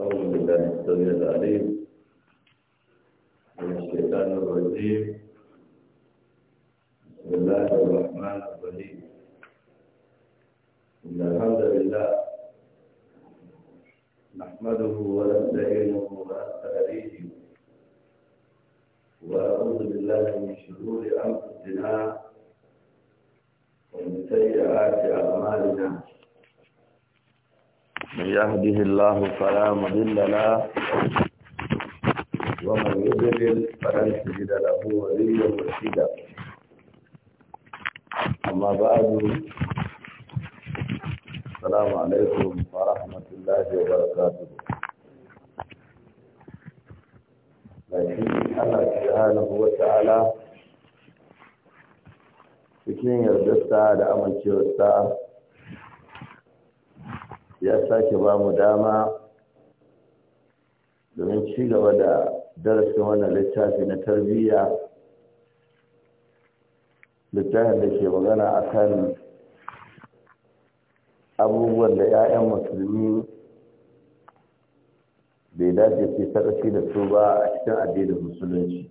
أعوذ بالله السميع العليم من الشيطان الرجيم بسم الله الرحمن الرحيم إن الحمد لله نحمده ونستعينه ونستهديه ونعوذ بالله من شرور أنفسنا ومن سيئات أعمالنا من يهده الله فلا مضل له ومن يضلل فلن تجد له وليا مرشدا أما بعد السلام عليكم ورحمه الله وبركاته لكن الله سبحانه وتعالى cikin yardarsa da amincewarsa ya sake ba mu dama domin ci gaba da darasin wannan littafi na tarbiyya littafin da ke magana a kan abubuwan da 'ya'yan musulmi bai dace su sarrafi da su ba a cikin addinin musulunci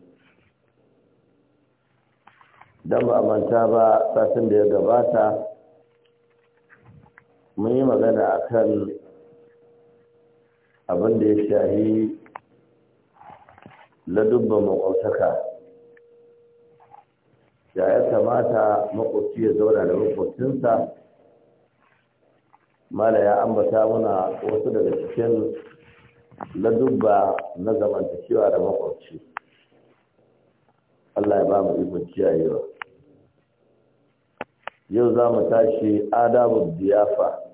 don ba a manta ba satin da ya gabata mun yi magana a kan abin da ya shahi ladubban makwabtaka ya ya kamata makwabci ya zauna da makwabcinsa mala ya ambata muna wasu daga cikin ladubba na zamantakewa da makwabci Allah ya ba mu ikon kiyayewa yau za mu tashi adabu diyafa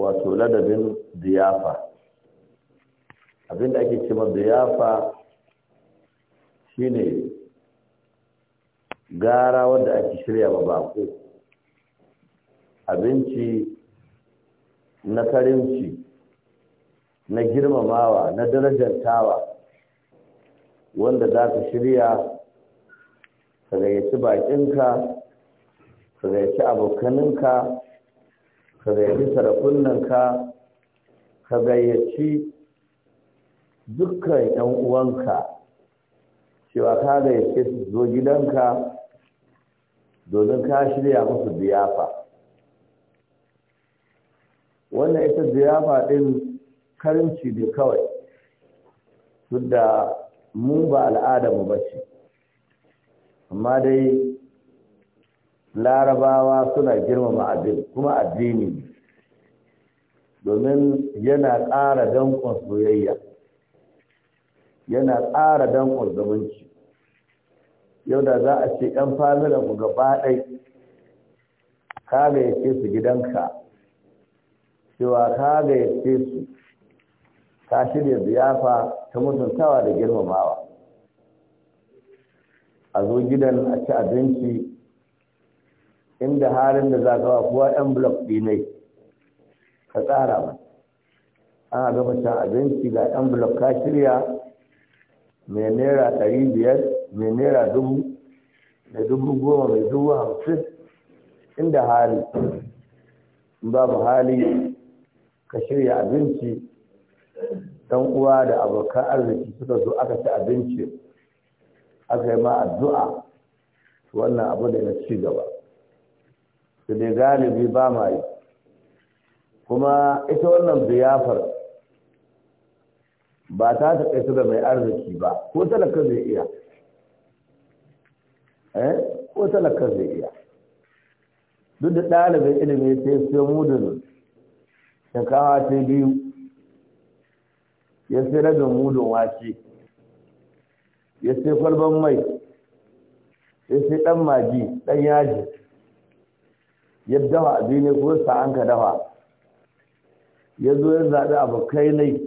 wato ladabin ziyafa abinda ake cewa ziyafa shine gara wanda ake shirya ma bako abinci na karimci na girmamawa na tawa wanda za ka shirya ka gayyaci bakinka ka gayyaci abokaninka ka gayyaci nan ka ka gayyaci dukkan 'yan uwanka cewa ka gayyace su zo gidanka domin ka shirya musu ziyafa wannan ita ziyafa ɗin karimci ne kawai da mu ba al'adarmu ba ce amma dai larabawa suna girmama abin kuma addini domin yana ƙara dankon soyayya yana ƙara dankon zumunci yau da za a ce ‘yan familin ku gaba ɗai ka gayyace su gidanka cewa ka gayyace su ka shirya ziyafa ta mutuntawa da girmamawa a zo gidan a ci abinci inda halin da za ka ba kuwa yan blok dinai ka tsara ba an gama cin abinci ga yan blok ka shirya mai naira ɗari biyar mai naira dubu mai dubu goma mai dubu hamsin inda hali babu hali ka shirya abinci dan uwa da abokan arziki suka zo aka ci abinci aka yi ma addu'a wannan abu da na ci gaba su dai galibi ba ma yi kuma ita wannan biyafar ba ta su da mai arziki ba ko talaka zai iya eh ko talaka zai iya duk da ɗalibin ilimi sai sai mudun shakawa sai biyu ya sai rabin mudun wace ya sai kwalban mai ya sai ɗan maji ɗan yaji ya a duniya ko sa an ka dawa ya zo ya zaɓi abokai ne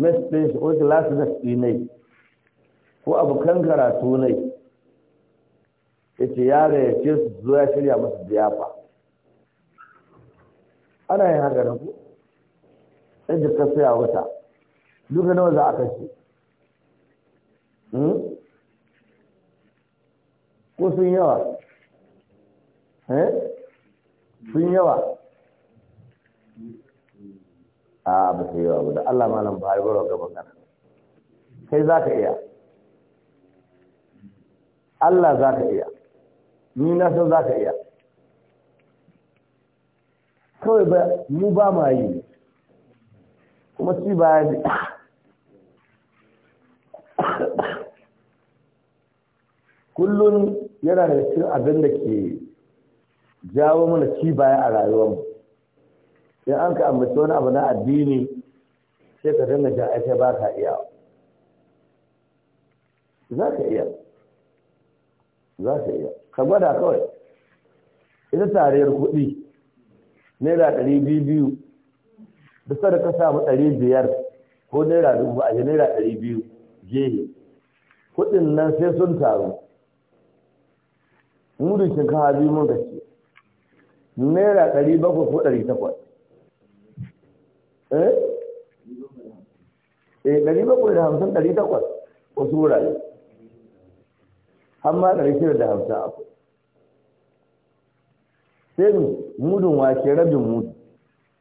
mestin shi ko glass da shi ne ko abokan karatu ne ya ce yare ya ce su ya shirya masu ziyafa ana yin haka da ku sai da kasu ya wuta duka nawa za a kashe hmm? ko sun yawa Eh? sun yawa a ba su yawa ba da Allah malam ba haibarwa gaban kana kai za ka iya Allah za ka iya ni na san za ka iya kawai ba mu ba ma yi kuma shi ba ya kullum yana da cikin abin da ke jawo mana ci baya a rayuwarmu in an ka ambaci wani abu na addini sai ka dinga jan ake ba ka iya za ka iya za ka iya ka gwada kawai ita tariyar kuɗi naira ɗari biyu biyu da ka samu ɗari biyar ko naira dubu a naira ɗari biyu gehe kuɗin nan sai sun taru mudun shinkafa biyu mun ka naira ɗari bakwai ko ɗari takwas eh? eh ɗari bakwai da hamsin ɗari takwas wasu wurare amma ma ɗari shida da hamsin akwai sai mu mudun wake rabin mudu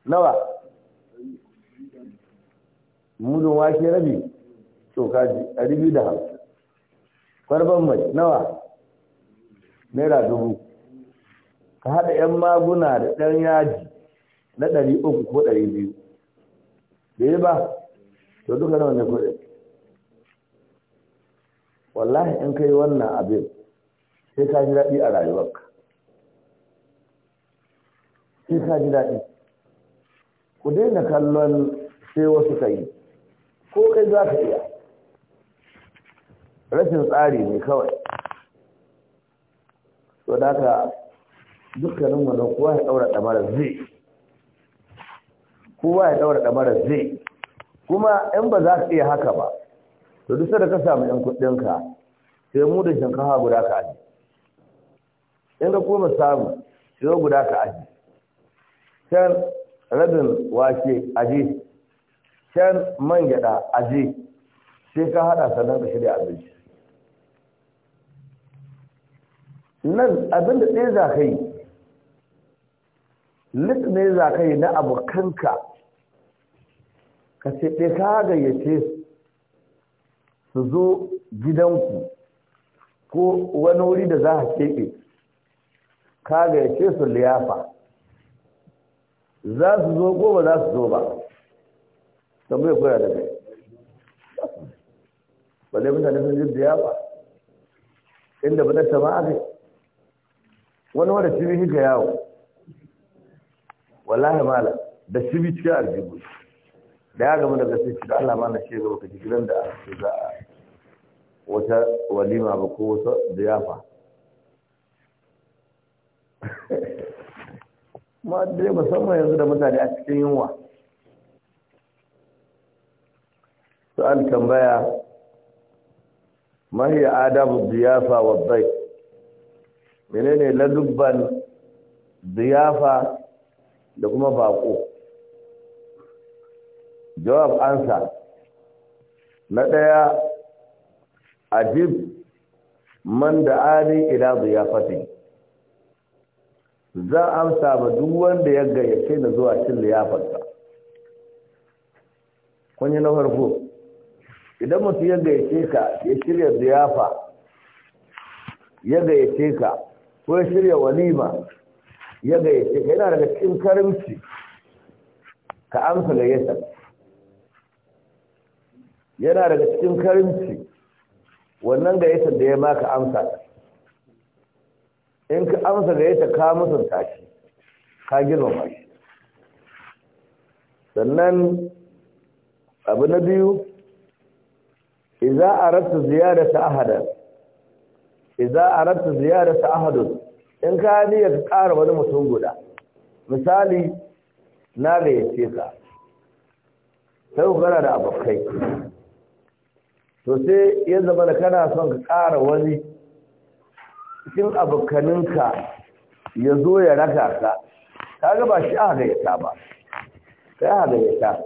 nawa mudun wake rabi coka ji a biyu da hamsin kwarban mai nawa naira dubu ka haɗa 'yan maguna da ɗan yaji na ɗari uku ko ɗari biyu da yi ba to duka na wannan kuɗi wallahi in kai wannan abin sai ka ji daɗi a rayuwarka sai ka ji daɗi ku daina kallon sai wasu ka yi ko kai za ka iya rashin tsari ne kawai to da dukkanin mu kowa ya daura dabara zai kowa ya daura zai kuma in ba za ka iya haka ba to duk da ka samu yan kudinka sai mu da shinkafa guda ka aji in ka koma samu sai guda ka aji can rabin wake aji can man gyada aji sai ka haɗa sannan ka shirya abinci nan abin da ɗaya za ka yi litne za ka yi na abokanka ka ce ka gayyace su zo gidanku ko wani wuri da za a keɓe ka gayyace su liyafa za su zo ko ba za su zo ba tambaye koya da kai balle mutane sun jin liyafa inda ba ta ma aka wani wadda shi hika yawo wallahi mala da shi bi cikin aljihu da ya gama daga sai da Allah mana shi gaba ka gidan da aka za a wata walima ba ko wata ziyafa ma dai musamman yanzu da mutane a cikin yunwa su'al tambaya ma hiya adabu ziyafa wa dhayf menene ladubban ziyafa da kuma baƙo jawab ansa na ɗaya ajib man da ari ila ziyafati za amsa ba duk wanda ya gayyace na zuwa cin liyafarsa kun yi na farko idan mutum ya gayyace ka ya shirya ziyafa ya gayyace ka ko ya shirya walima ya gayyace ka yana daga cikin karimci ka amsa gayyata yana daga cikin karimci wannan yasa da ya maka amsa in ka amsa gayyata ka mutunta shi ka girmama shi sannan abu na biyu idza aradta ziyarata ahada idza aradta ziyarata ahadun in ka niyyar ka ƙara wani mutum guda misali na gayyace ka sai ku kana da abokai to sai ya zama da kana son ka ƙara wani cikin abokaninka ya zo ya raka ka kaga ba shi aka gayyata ba yi aka gayyata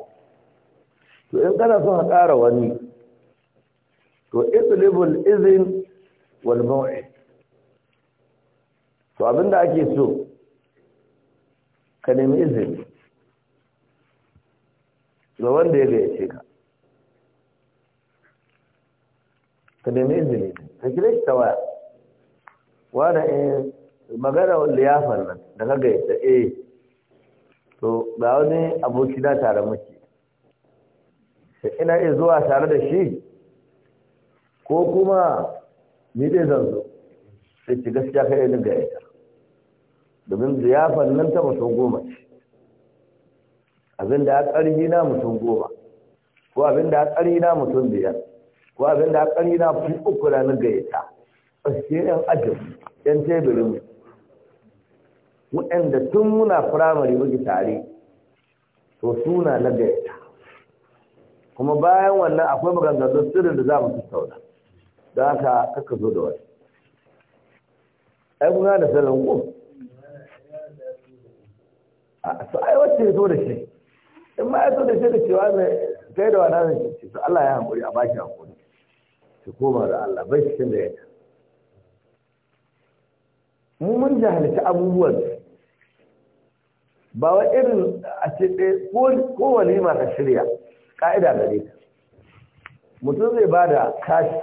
to in kana son ka ƙara wani to itlibul izin wal maw'id to abinda ake so ka nemi izini ga wanda ya gayyace ka ka nemi izini ka kira shi ta waya wada in eh, magana liyafar nan da ka gaita eh to ga wani aboki na tare muke ina iya zuwa tare da shi ko kuma ni dai zan zo sai ci gaskiya kai ne gaita domin ziyafar nan ta mutum goma ce abin da ya ƙarfi na mutum goma ko abin da ya ƙarfi na mutum biyar ko abin da ya ƙarfi na fi uku ranar gayyata ƙasashe yan ajin yan teburin waɗanda tun muna firamare muke tare to suna na gayyata kuma bayan wannan akwai maganganun sirrin da za mu tattauna don haka kaka zo da wani ai kuna da sanin ko su ai wacce ya zo da shi in ma ya zo da shi da cewa mai kai da wani zai ce to Allah ya hankuri a bashi hankuri su koma da Allah bai shi da yadda mu mun jahilci abubuwan ba wa irin a ce ko walima ka shirya ka'ida gare ka mutum zai ba da kashi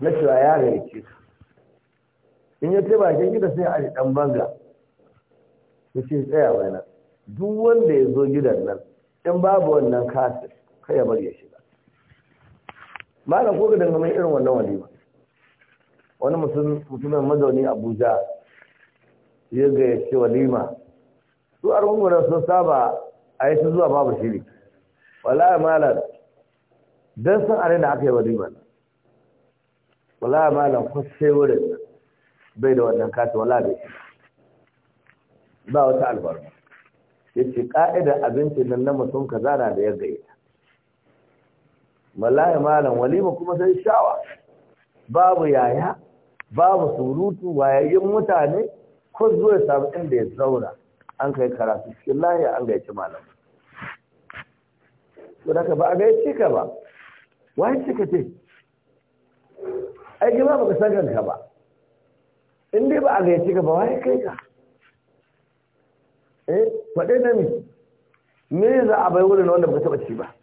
na cewa ya gare ka in ya ce bakin gida sai a ɗan banga ya tsaya tsaya wani duk wanda ya zo gidan nan in babu wannan kasir kai ya bari ya shiga malam ko gidan kamar irin wannan walima wani mutumin mazauni abuja ya ga ya ce walima su arhungunan sun saba a yi su zuwa babu shiri wallahi malam don san are da aka yi walima wallahi malam kwasai wurin bai da wannan kasa wallahi bai shiga ba wata albarka ya ce ƙa'idar abincin nan na mutum ka zana da ya gaye malaya malam walima kuma sai shawa babu yaya babu surutu wayayyun mutane ko zuwa samu inda ya zauna an kai karatu cikin lahiya an gaici malam to daga ba a gaici ka ba wai cika ce ai ba baka san kanka ba in ba a gaici ka ba wai kai ka eh faɗe na mi me za a bai wurin wanda baka taɓa ci ba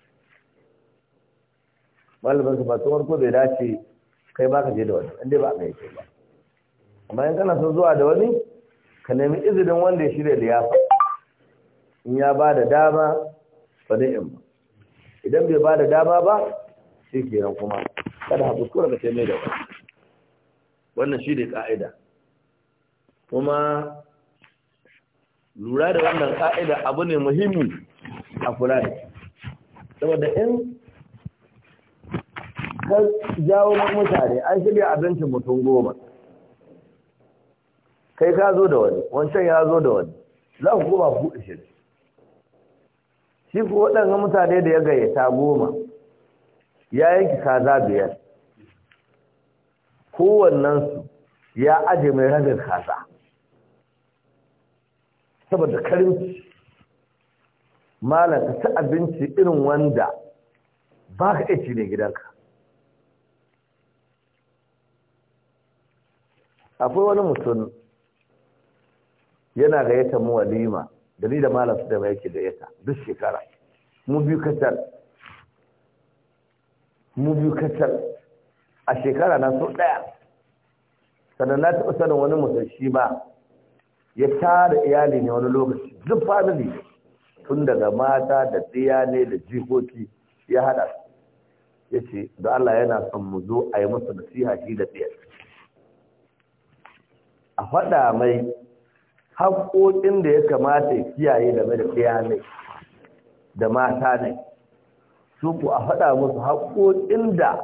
malamin su fasu warko bai dace kai ba ka je da wani inda ba a mai ba amma in kana son zuwa da wani ka nemi izinin wanda ya shirya liyafa in ya ba da dama ba in ba idan bai ba da dama ba shi nan kuma kada ha kuskura ka ce mai da wani wannan shi ne ka'ida kuma lura da wannan ka'ida abu ne muhimmi a kula da saboda in ka jawo mutane an shirya abincin mutum goma kai ka zo da wani wancan ya zo da wani za ku koma ku ishirin shi ku waɗanda mutane da ya gayyata goma ya yanki kaza biyar kowannensu ya aje mai ragar kasa. saboda karinci malam ka ci abinci irin wanda ba ka iya ci ne gidanka akwai wani mutum yana gayyata mu walima da ni da malam su da mai yake gayyata duk shekara mu biyu kacal mu biyu kacal a shekara na so ɗaya sannan na taɓa sanin wani mutum shi ba ya tara iyali ne wani lokaci duk family tun daga mata da tsiya ne da jikoki ya hada ya ce da Allah yana son mu zo a yi masa nasiha shi da tsiya a faɗa mai haƙoƙin da ya kamata ya kiyaye game da tsiya ne da mata ne su ku a faɗa musu haƙoƙin da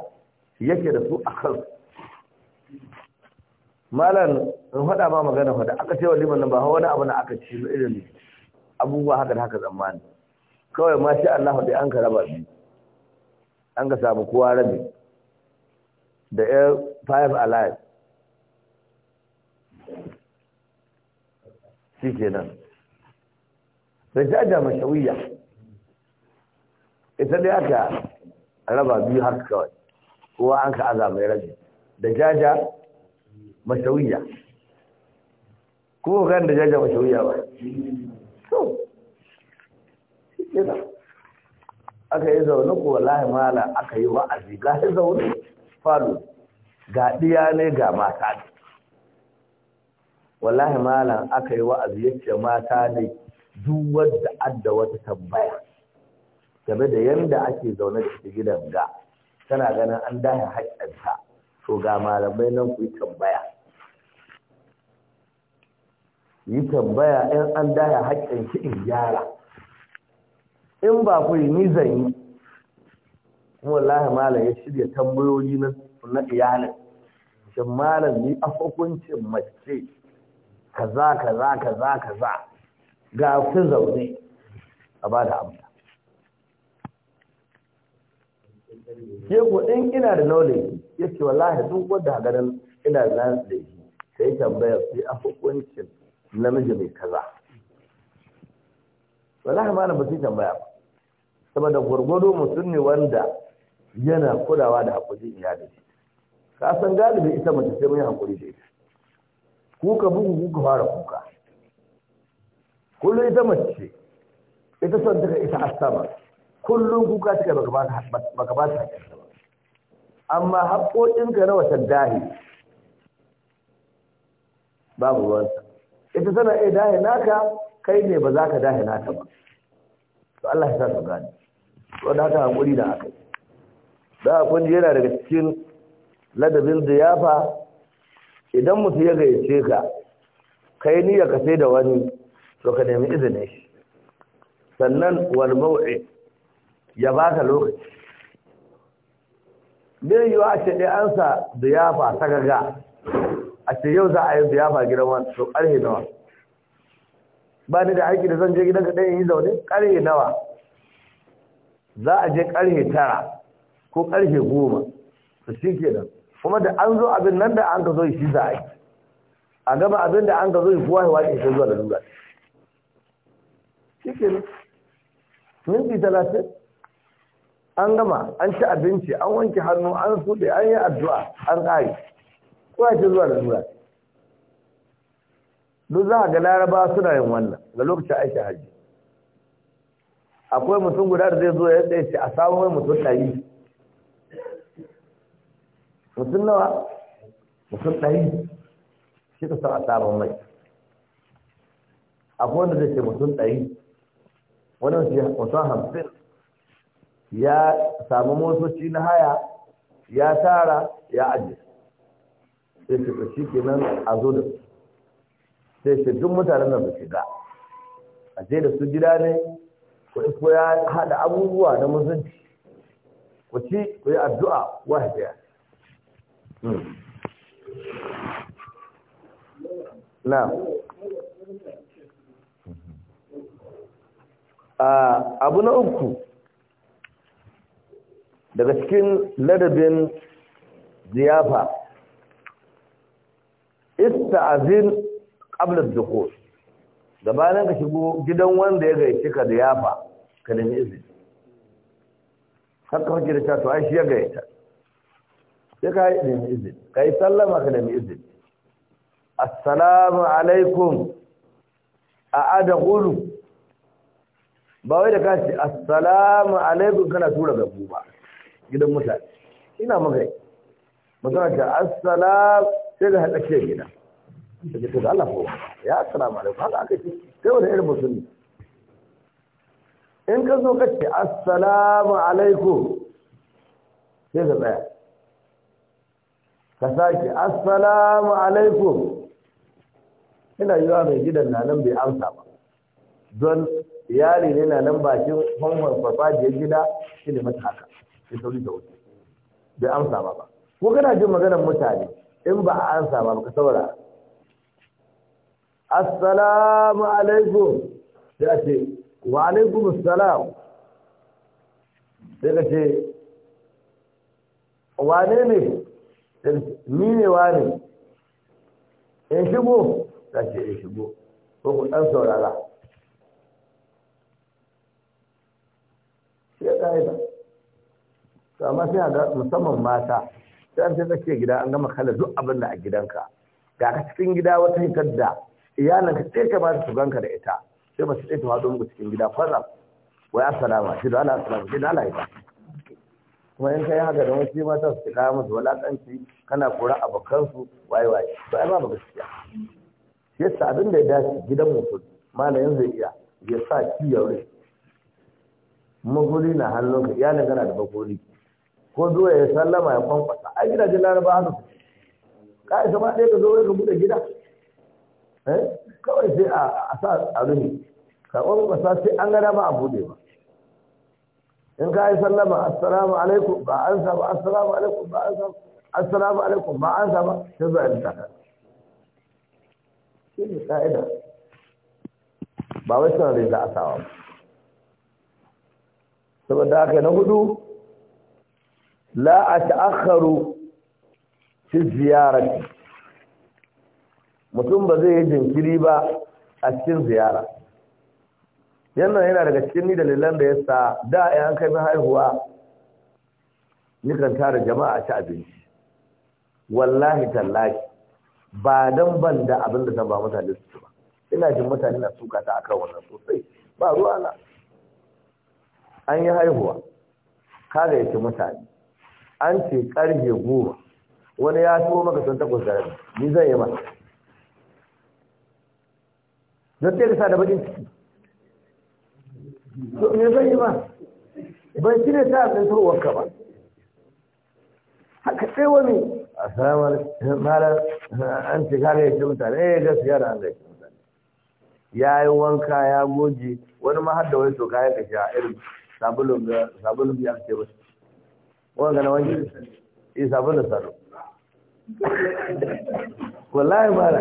yake da su a kansu malam in faɗa ma magana faɗa aka ce wa liman nan ba wani abu na aka ci irin abubuwa haka da haka zamani kawai ma sha Allah dai an ka raba biyu an ka samu kowa rabi da air five alive shi kenan rajaja mashawiya ita dai aka raba biyu haka kawai kowa an ka azama ya rabi da jaja mashawiya ko kan da jaja mashawiya ba to shi aka yi zaune ko wallahi mala aka yi wa'azi ga shi zaune falo ga diya ne ga mata ne wallahi mala aka yi wa'azi yace mata ne duk wanda adda wata tambaya game da yanda ake zaune da cikin gidan ga tana ganin an dahe haƙƙinta to ga malamai nan ku yi tambaya yi tambaya in an daya haƙƙin shi in gyara in ba ku yi nizan yi kuma lahi malam ya shirya tambayoyi na iyalin shin malam ni a hukuncin mace kaza kaza kaza kaza ga su zaune a ba da amsa ke in ina da nolin ya ce wallahi duk wanda ganin ina da da knowledge sai tambayar sai a hukuncin namiji mai kaza wallahi ma na tambaya ba saboda gwargwado mutum ne wanda yana kulawa da hakuri iyali ka san galibi ita mace sai mun hakuri da ita kuka bugu kuka fara kuka kullum ita mace ita son ta ita asama kullum kuka take baka ba baka ba ta hakuri amma haƙoƙinka na wata dahi babu ruwansa ita tana iya dahe naka kai ne ba za ka dahe naka ba to Allah ya sa su gane to da haka hakuri da aka da kun ji yana daga cikin ladabin ziyafa idan mutum ya gayyace ka kai ni ya sai da wani to ka nemi izini shi sannan wal mau'i ya baka lokaci bin yiwa ce dai an sa ziyafa gaga a ce yau za a yi biyafa gidan wani to ƙarhe nawa ba ni da aiki da zan je gidan kaɗai yi zaune ƙarhe nawa za a je ƙarhe tara ko ƙarhe goma su shi ke nan kuma da an zo abin nan da an ka zo shi za a yi a gaba abin da an ka zo yi kuwa hewa ke zuwa da lura shi nan minti talatin an gama an ci abinci an wanke hannu an suɗe an yi addu'a an ƙari ko ce zuwa da sura duk za a ga laraba suna yin wannan ga lokacin aiki hajji akwai mutum guda da zai zo ya tsaye ce a samun mai mutum ɗari mutum nawa mutum ɗari shi ka sa a samun mai akwai wanda zai ce mutum ɗari wani mutum hamsin ya samu motoci na haya ya tara ya ajiye sai ce shi kenan a zo da su sai ce duk mutanen nan ba shiga a je da su gida ne ku iko ya haɗa abubuwa na musulunci ku ci ku yi addu'a wahidiya hmm. na abu na uku daga cikin ladabin ziyafa ista'zin qabla ad-dukhul gabanin ka shigo gidan wanda ya gaice ka da yafa ka nemi izini har ka da ta to ai shi ya gaita sai ka yi nemi izini ka yi sallama ka nemi izini assalamu alaikum a adagulu ba wai da ka ce assalamu alaikum kana tura gabu ba gidan mutane ina maka yi mutum assalamu sai ga haɗa ke gida da ke da Allah kowa ya assalamu alaikum haka aka ce sai wani irin musulmi in ka zo ka ce assalamu alaikum sai ka tsaya ka sake assalamu alaikum ina yiwa mai gidan na nan bai amsa ba don iyali ne na nan bakin famfan farfajiyar gida shi ne mata haka sai sauri da wuce bai amsa ba ba ko kana jin maganar mutane in ba a ansa ba ka saura assalamu alaikum sai a ce wa alaikum assalam sai ka ce wane ne ni ne wane in shigo ta ce in shigo ko ku ɗan saurara shi ya ƙa'ida amma sai a musamman mata sai an sai tsakiyar gida an gama kala duk abin da a gidanka ga ka cikin gida wata hitar da ka sai ka ba su ganka da ita sai ba su tsaye ta hado muku cikin gida kwatsam wai assalamu shi da Allah assalamu shi da Allah ita kuma in kai haka da wasu mata su kaya musu walakanci kana kora abokansu waye waye ba ai babu gaskiya yasa abin da ya dace gidan mutum malayin zai iya ya sa ki ya wuri na hannunka iyalin kana da bakoli ko zuwa ya sallama ya kwankwasa ai gidajen laraba haka ka isa ma ɗaya ka zo ka bude gida eh? kawai sai a sa a rumi ka kwankwasa sai an gada ma a buɗe ba in ka yi sallama assalamu alaikum ba an sa ba assalamu alaikum ba an sa assalamu alaikum ba an sa ba sai zuwa yadda ka shi ne ka'ida ba wai sanar da sawa ba saboda haka na hudu la ata'akharu fi ziyarati mutum ba zai yi jinkiri ba a cikin ziyara yannan yana daga cikin ni dalilan da ya sa da yan kai na haihuwa nikan tara jama'a a ci abinci wallahi tallahi ba dan ban da abin da zan ba mutane su ba ina jin mutane na suka ta akan wannan sosai ba ruwa na an yi haihuwa kaga yake mutane an ce ƙarfe goma wani ya tuwo maka sun takwas da rabi ni zan yi ba don ta ka sa da bakin ciki to me zan yi ba ban shi ne sa a tsantar wanka ba haka ɗaya wani a samar malar an ce kare ya ce mutane ya eh, gaskiya da an gaishe mutane ya yi wanka ya goge wani ma har da wani toka ya kashe a irin sabulun biya ce wasu wanga na wanki eh sabon da salo wallahi mala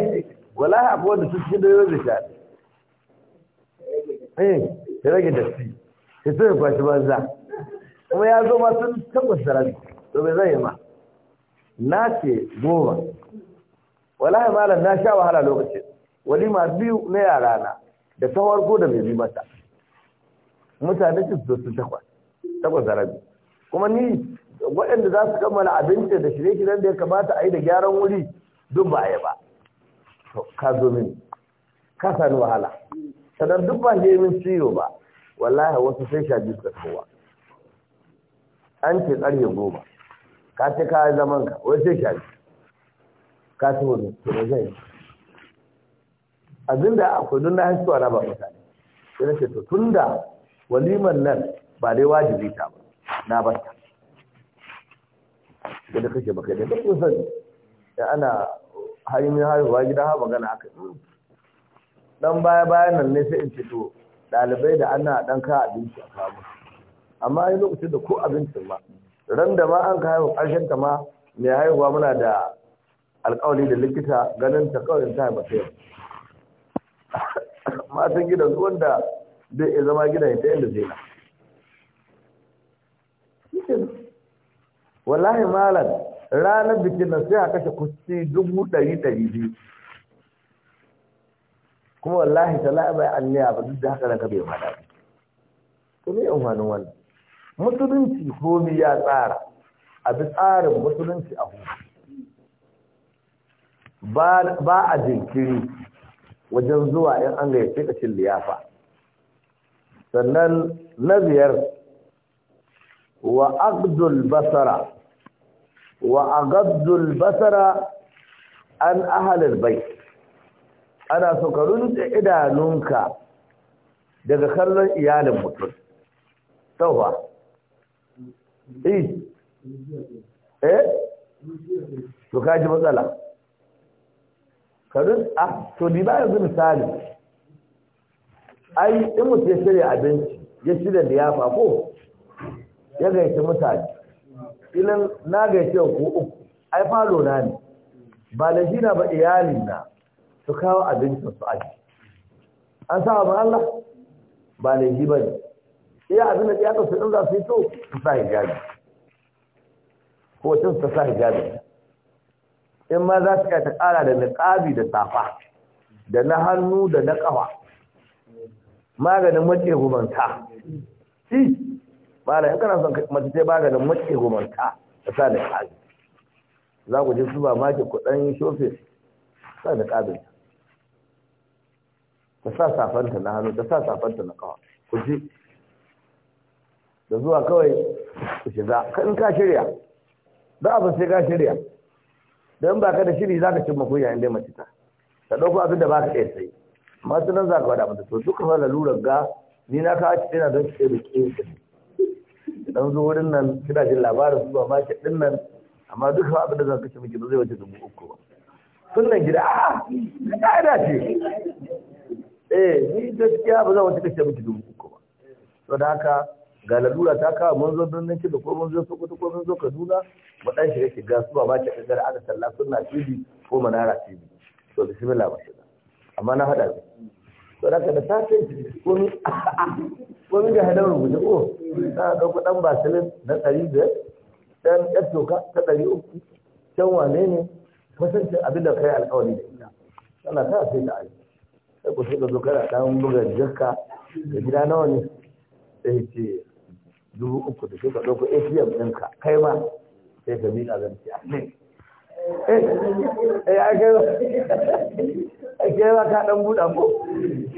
wallahi abu cikin doyo da shaɗi eh ya rage datti ya so ya kwashi banza kuma ya zo ma sun tabbas rabi to bai zai ma na ce goma wallahi malam na sha wahala lokacin walima biyu na yara na da ta farko da bai bi mata mutane su zo rabi kuma ni waɗanda za su kammala abinci da shirye-shiryen da ya kamata a yi da gyaran wuri duk ba a yi ba ka zo mini ka sani wahala sanar duk ba shi min ciyo ba wallahi wasu sai sha biyu ka kowa an ce ƙarfe goma ka ce ka zaman ka wai sai sha biyu ka ce wani ne zai yi abinda akwai don na hasuwa na ba mutane sai na ce to tunda waliman nan ba dai wajibi ta ba na bata da da kake baka da kun sani da ana hari min hari wa gida ha magana haka dan baya bayan nan ne sai in fito ɗalibai da ana dan ka abinci a kawo amma ai lokacin da ko abincin ma ran da ma an kawo karshen ta ma mai haihuwa muna da alƙawari da likita ganin ta kawai ta haifa yau? matan gidan wanda bai zama gidan ta inda zai na wallahi malam ranar bikin nan sai a kashe kusti dubu ɗari ɗari biyu kuma wallahi ta la'abai an ba duk da haka ranka bai ma daɗi to in amfanin wannan musulunci komi ya tsara a bi tsarin musulunci a hu ba a jinkiri wajen zuwa 'yan an ga ka cin liyafa sannan na biyar wa aqdul basara wa agaddul basara an ahalar bai ana so ka runtse idanunka daga kallon iyalin mutum tauwa eh eh to kaji matsala ka a ah, to ni ba zuwa misali ai in mutum ya shirya abinci ya shirya liyafa ko ya gaita mutane filin na gaishe ko uku ai falo na ne ba da shi na ba iyalin na su kawo abincin su aji an sa ba Allah ba da shi ba ne iya abin da ya ka su za su yi to su sa hijabi ko tun su sa hijabi in ma za su ta kara da niƙabi da safa da na hannu da na kafa maganin mace gumanta shi bala in kana son mace sai ba da mace gomanta ta sa da kabi za ku je su ba maki kuɗin shofe sa da kabin ta sa safanta na hannu ta sa safanta na kawa ku ji da zuwa kawai ku shiga in ka shirya da abin sai ka shirya don ba ka da shiri za ka cin yayin da mace ta ta ɗauko abin da ba ka iya sai masu nan za ka wada mata to duka fara lura ga ni na kawo ci ina don su ɗaya da ƙin dan zo wurin nan kina jin labarin zuwa market din nan amma duk abin da zan kashe miki ba zai wuce dubu uku ba sunan gida a ah, ka'ida ce eh ni gaskiya ba zan wuce kashe miki dubu uku ba to da haka ga lalura ta kawo mun zo birnin kido ko mun zo sokoto ko mun zo kaduna mu dan shiga ga zuwa market din da aka sallah sunna tv ko manara tv to bismillah ba shi amma na hada su to da da safe komi komi da hadar rubuce ko ta ɗauko ɗan basilin na ɗari biyar ɗan ɗan toka ta ɗari uku can wane ne kusancin abin da kai alƙawari da ita tana ta sai da ai sai ku sai ka zo kana dan buga jakka da gida nawa ne sai ce dubu uku da sai ka ɗauko atm ɗinka kai ma sai ka miƙa zan ce eh, eh ai kai ba ka ɗan buɗa ko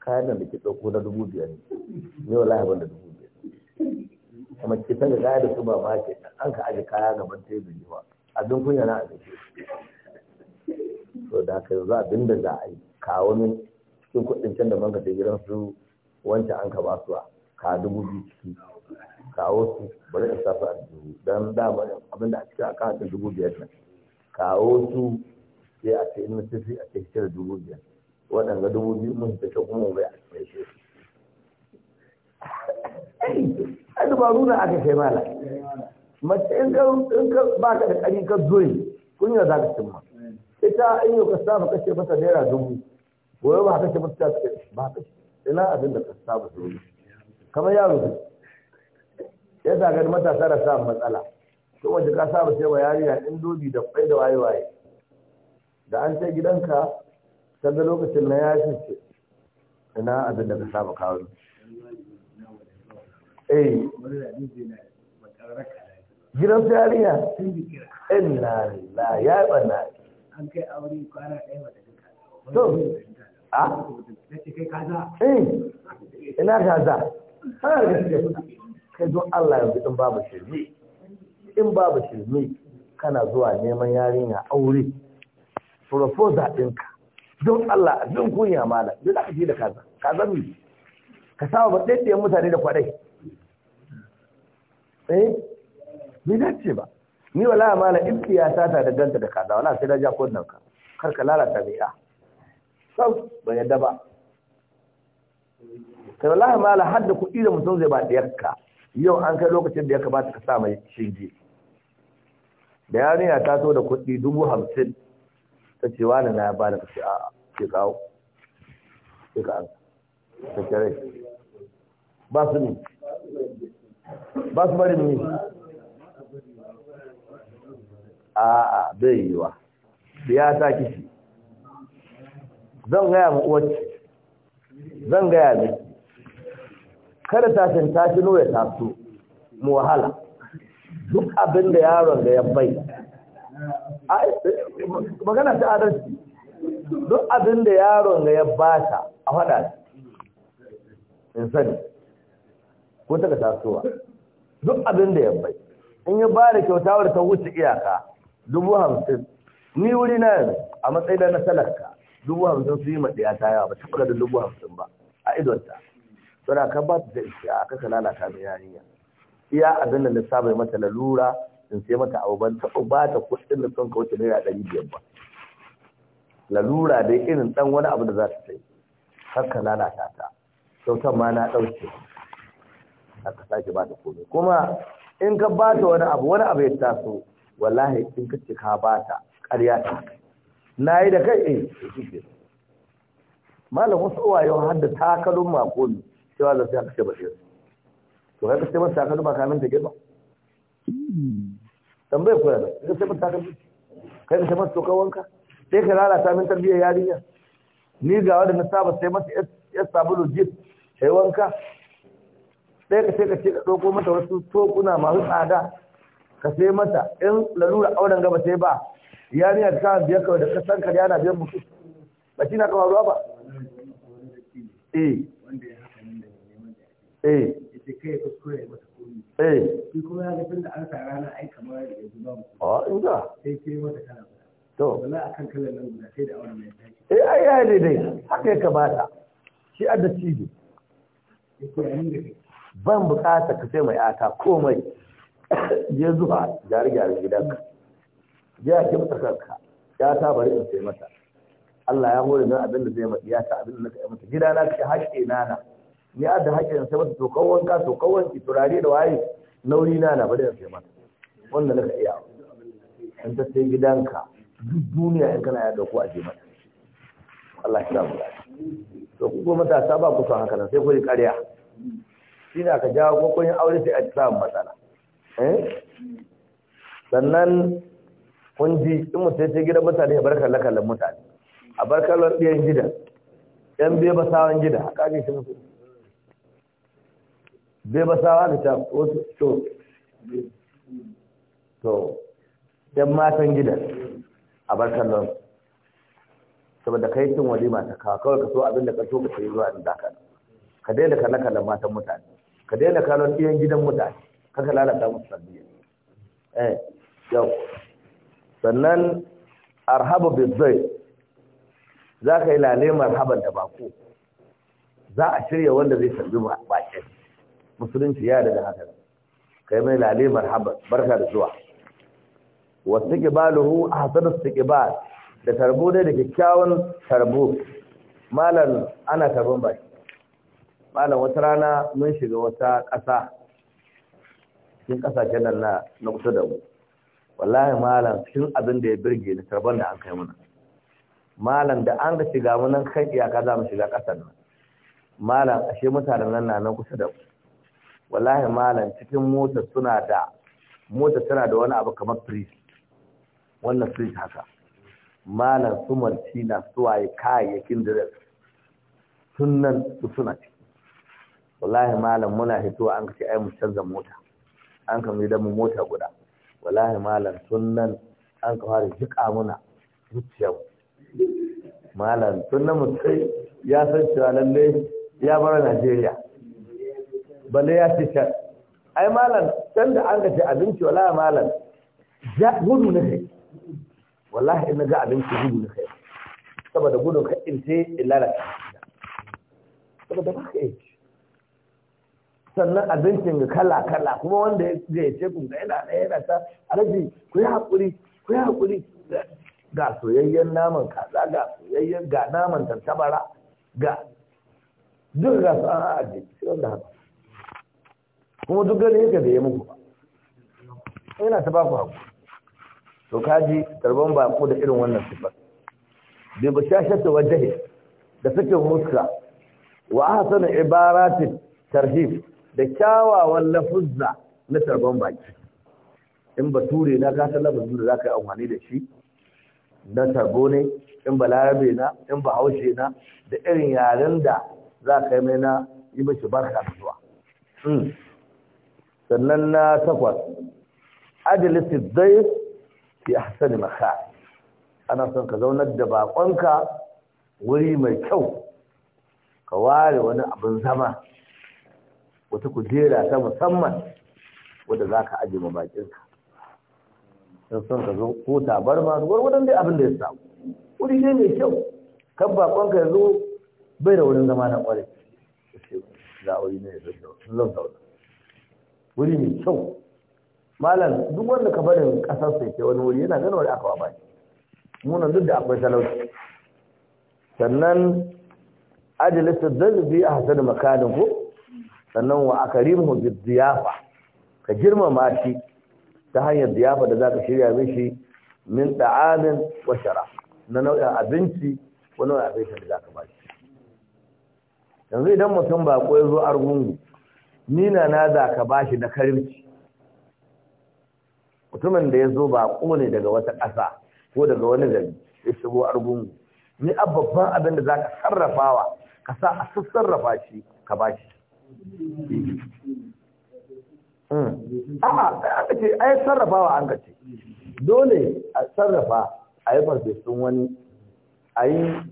kayan nan da ke ɗauko na dubu biyar ne ne wa lahabar da dubu biyar kuma ke sanya kaya da su ba ma ke an ka aje kaya gaban teburi ba abin kunya na aje so da haka yanzu abin da za a yi kawo min cikin kuɗin can da man ka gidan su wancan an ka ba su ka dubu biyu ciki kawo su bari in sa su a dubu don dama abin da a cikin akawuntin dubu biyar nan kawo su sai a ce in mutum a ce shi dubu biyar waɗanda dubu biyu mun ta ta kuma bai cikin shi ai dubaru na aka kai mala mace in ka in ka ba ka da ƙari ka zoye kunya za ka cimma ita in yau ka samu kashe masa naira dubu goyo ba ka ce masa ta ba ka ce. ina abin da ka samu dubu kamar yaro ne ya zagar matasa da samun matsala to waje ka saba sai wa yariya in indomi da kwai da waye waye da an ce gidanka kaga lokacin na ya shi ina abin da ka saba kawo eh gidan su yarinya inna la ya bana an kai aure kwana ɗaya wata to a ah. kai eh. ina kaza har gaske kai don Allah yanzu in babu shirme in babu shirme kana zuwa neman yarinya aure proposal ɗinka don Allah don kunya mala duk aka ji da kaza kaza mi ka saba ba ɗaiɗayan mutane da kwadai eh bai dace ba ni wala mala ki ya sata da danta da kaza wala sai da ja nan ka kar ka lalata bai a sau ba yadda ba ka wala mala har da kuɗi da mutum zai ba ɗiyarka yau an kai lokacin da ya kamata ka sa mai shinge da yarinya ta so da kuɗi dubu hamsin ta ce wa na ya bada kashi a ke kawo ke ka an ta kere ba su ne ba su bari ne a a bai yi wa ya ta kishi zan gaya mu uwaci zan gaya ne kada tashin tashi ya taso mu wahala duk abin da yaron da ya bai magana ta adalci duk abin da yaron ga ya bata a faɗa in sani ko ta tasowa duk abin da ya bai in ya ba da kyautawar ta wuce iyaka dubu hamsin ni wuri na yanzu a matsayin na salarka dubu hamsin su yi maɗiya ta yawa ba ta kula da dubu hamsin ba a idonta suna kan ba ta da ishiya a kasa lalata da yarinya iya abin da lissa bai mata lalura in sai mata abu ban taɓa ba ta kuɗin da son kauce naira ɗari biyar ba lalura dai irin ɗan wani abu da za ta sai har ka lalata ta sautan ma na ɗauke har ka sake ba ta komai kuma in ka ba ta wani abu wani abu ya taso wallahi in ka ce ka ba ta ƙarya ta na yi da kai eh shi malam wasu uwaye har da takalin makoni sai za su ka ce ba to kai sai masu takalin ba kamin ta girma hmm. tambayar koya da ka sai mata takalmi kai ka mata to wanka sai ka lalata min tarbiyyar yarinya ni ga wanda na saba sai mata ya sabulu jip sai wanka sai ka sai ka ce ka ɗauko mata wasu tokuna masu tsada ka sai mata in lalura auren gaba sai ba yarinya ta kawo biyar kawai da ka san kariya yana biyan mutu ba shi na kama ruwa ba eh eh, eh. kai kuskure mata eh shi kuma ya ga da an sa rana ai kamar ah, inda sai kala to nan guda sai da mai taki eh ai ai haka ya kamata shi adda cibi ban bukata ka sai mai komai je zuwa gyare-gyaren gidanka je a kimta kanka ya ta bari in sai mata Allah ya hore min abin da zai mata ya ta abin da na kai mata gidana ke hashe nana ni a da haƙƙin sai mata tokan wanka tokan wanki turare da waye nauyi na na bari sai mata wanda naka iya an ta sai gidanka duk duniya in kana ya dauko a je mata Allah ya samu to ku ko matasa ba ku son haka nan sai ku yi ƙarya shi ne aka jawo ko kun yi aure sai a samu matsala eh sannan kun ji in mutum ce gidan mutane ya barka lakalan mutane a bar kallon ɗiyan gida ɗan biya basawan gida a kage shi mutum bai basawa da ta wasu to to ɗan matan gidan a bar kallon saboda kai cin walima ta kawo kawai ka so abin da ka so ka sai zuwa inda ka ka daina kalle kallon matan mutane ka daina kallon iyan gidan mutane kaka lalata musu tarbiyya eh yau sannan arhabu bizai za ka yi lale marhaban da bako za a shirya wanda zai sarbi bakin musulunci ya da haka kai mai lale marhaba barka da zuwa wasu luhu a hasarar su ba da tarbo dai da kyakkyawan tarbo malam ana tarbon baki malam wata rana mun shiga wata ƙasa cikin ƙasashen nan na kusa da mu wallahi malam cikin abin da ya birge ni tarbon da an kai mana malam da an ga shiga mu nan kan iyaka za mu shiga ƙasar nan malam ashe mutanen nan na kusa da mu wallahi malam cikin mota suna da mota tana da wani abu kamar fridge wannan fridge haka malam su martina su waye kayayyakin dress sun nan su suna ciki wallahi malam muna hitowa an kace ai mu canza mota an ka mai da mu mota guda wallahi malam sun nan an ka fara jika muna zuciyar malam sun nan mutai ya san cewa lalle ya bar Najeriya balle ya ce can ai malam sanda da an gace abinci wallahi malam ya gudu na kai wallahi in ga abinci gudu na kai saboda gudu kai in ce illala saboda ba ka yi sannan abincin ga kala kala kuma wanda ya ce kun ga yana da yana ta alaji ku yi haƙuri ku yi haƙuri ga soyayyen naman kaza ga soyayyen ga naman tantabara ga duk ga su an ajiye shi wanda haka kuma duk gani yake da ya muku ba yana ta ba ku haku to kaji tarban ba ko da irin wannan sifa bi bashashatu wajhi da sakin muska wa ahsanu ibaratin tarhib da kyawawan lafuzza na tarban baki in ba Ture na ka san lafazin da zaka yi amfani da shi na tarbo ne in Larabe na in ba Haushe na da irin yaren da za ka yi mai na yi mashi barka da zuwa hmm. sannan na takwas ajalisi zai fi ahsani maka. ana son ka zaunar da bakonka wuri mai kyau ka ware wani abin zama wata kujera ta musamman wadda za ka ajiye mabakinka sun son ka zo ko tabarma gwargwadon dai abin da ya samu wuri ne mai kyau kan bakonka ya zo bai da wurin zama na kwarai za a wuri ne ya zo zauna wuri mai kyau malam duk wanda ka barin kasar sai ke wani wuri yana gano wani aka ba muna duk da akwai talauci sannan ajalisa zazzabi a hasar makanin ko sannan wa akarimu bi ziyafa ka girmama shi ta hanyar ziyafa da za ka shirya mishi min da'amin wa shara na nau'in abinci ko nau'in abinci da zaka ba shi yanzu idan mutum ba ko ya zo argungu nina na za ka ba shi da karimci mutumin da ya zo ba ne daga wata ƙasa ko daga wani gari ya shigo argungu ni a babban abin da za ka sarrafawa ka sa a sassarrafa shi ka ba shi hmm. a'a aka ce ai sarrafawa an kace ce dole a sarrafa a yi farfesun wani a yi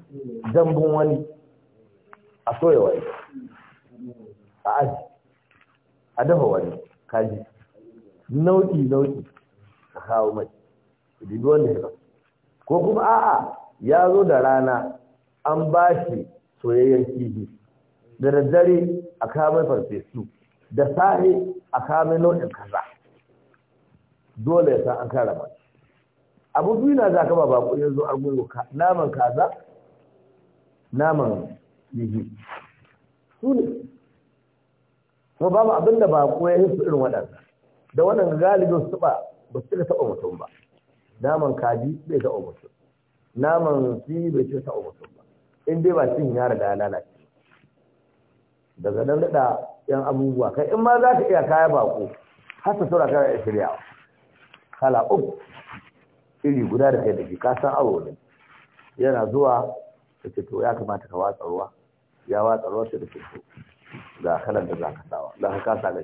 dambun wani a soya wani a aji a dafa wani kaji nau'i nau'i ka kawo mai dibi wanda ya ko kuma a'a ya zo da rana an ba shi soyayyar kifi da daddare a kamar farfesu da sahi a kamar nau'in kaza dole ya san an kara mai abu biyu na za ka ba bako ya zo an gudu naman kaza naman kifi su ne kuma babu abin da ba ko yayin su irin da wannan galibin su ba ba su taɓa mutum ba naman kaji bai taɓa mutum naman fi bai ce taɓa mutum ba in dai ba cin ya riga ya lalace daga nan da yan abubuwa kai in ma za ka iya kaya bako har ta saura kana ya shiryawa kala uku iri guda da kai da shi ka san awo ne yana zuwa ta ce to ya kamata ka watsa ruwa ya watsa ruwa sai da ke ga kalan da za ka sawa za ka kasa da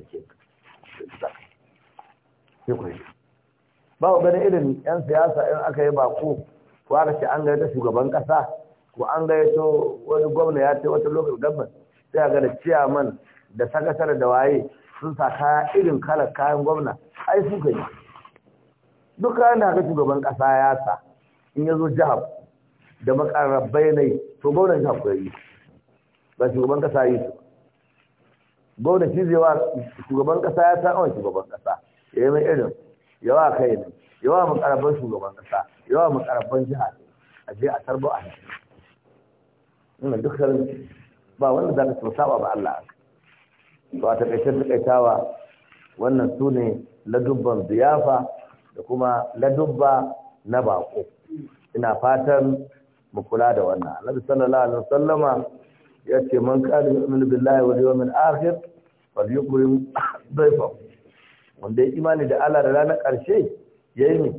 ke ba wa ganin irin 'yan siyasa in aka yi bako ko aka ce an ta shugaban kasa ko an to wani gwamna ya ce wata local government sai a gada man da sakasar da waye sun sa kaya irin kalar kayan gwamna ai su kai duk kayan da haka shugaban kasa ya sa in ya zo jihar da makarar bayanai to gwamnan jihar yi? ba shugaban kasa yi su gwamna shi zai wa shugaban kasa ya sa wa shugaban kasa ya yi mai irin yawa kai ne yawa makarabban shugaban kasa yawa makarabban jiha a je a tarbo a hannu wannan duk sarin ba wanda za ka saba ba Allah kai ta kai tawa wannan su ne ladubban ziyafa da kuma ladubba na bako ina fatan mu kula da wannan annabi sallallahu alaihi wasallama ya ce man kada yu'minu billahi wal yawmil akhir fal yukrim dayfa wanda ya imani da Allah da ranar karshe yayi ne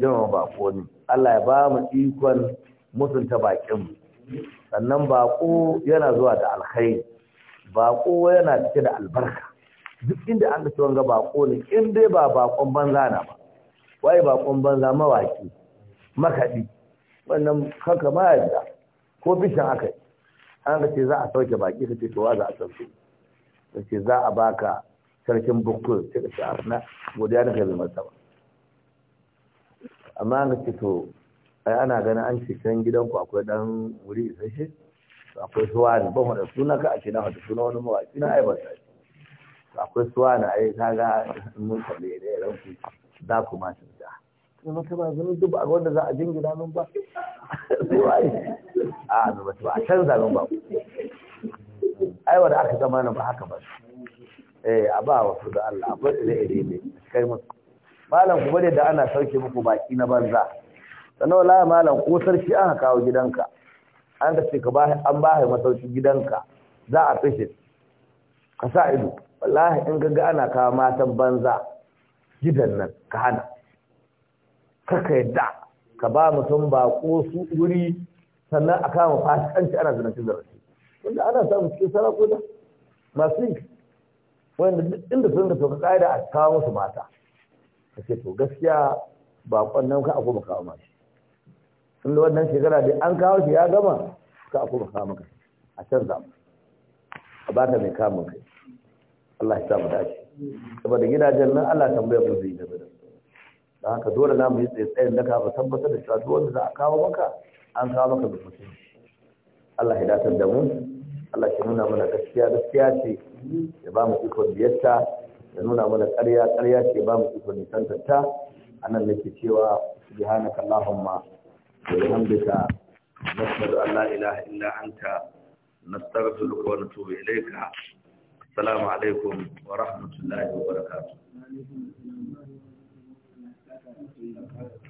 jama ba ko ne Allah ya ba mu ikon mutunta bakin mu sannan bako yana zuwa da alkhairi bako yana cike da albarka duk inda an ga wanga bako ne in dai ba bakon banza na ba waye bakon banza mawaki makaɗi wannan kanka ma yadda ko bishan akai an ka ce za a sauke baki ka ce towa za a sauke ka ce za a baka sarkin bukul sai ka ce a ah, na godiya na kai masa ba amma an ka ce to ai ana ganin an ce can gidanku akwai dan wuri isasshe akwai suwa ne ban wada suna ka a ce na wata suna wani mawaki na aibar sa akwai suwa na ai kaga mun kalle da yaran ku za ku ma sun da yanzu ba ganin duk ba wanda za a jingina min ba sai waye a zuba ba a canza min ba ai wanda aka zama nan ba haka ba eh a ba wasu da Allah akwai ire-ire ne kai musu malam ku bade da ana sauke muku baki na banza sannan wala malam ko sarki aka kawo gidanka an da ce ka ba an ba mai sauki gidanka za a fishe ka sa ido wallahi in ganga ana kawo matan banza gidan nan ka hana kaka yadda ka ba mutum ba ko su wuri sannan a kama fasikanci ana da zarafi wanda ana samun cikin sarakuna masu yi wanda inda sun da toka ka'ida a kawo musu mata ka ce to gaskiya bakon nan ka akwai kuma kawo mashi inda wannan shekara dai an kawo shi ya gama ka akwai kuma kawo maka a can zamu a ta mai kamun kai Allah ya sa mu dace saboda gidajen nan Allah tambaya ku zai da bada da haka dole za mu yi tsaye-tsayen daga ba tabbatar da cewa wanda za a kawo maka an kawo maka da mutum Allah ya datar da mu Allah ya nuna mana gaskiya gaskiya ce ya ba mu ikon biyarta ya nuna mana ƙarya ƙarya ce ba mu ikon nisantarta a nan nake cewa subhanaka allahumma wa bihamdika nashhadu an la ilaha illa anta na wa natubu ilayka assalamu alaikum wa rahmatullahi wa barakatuh 嗯。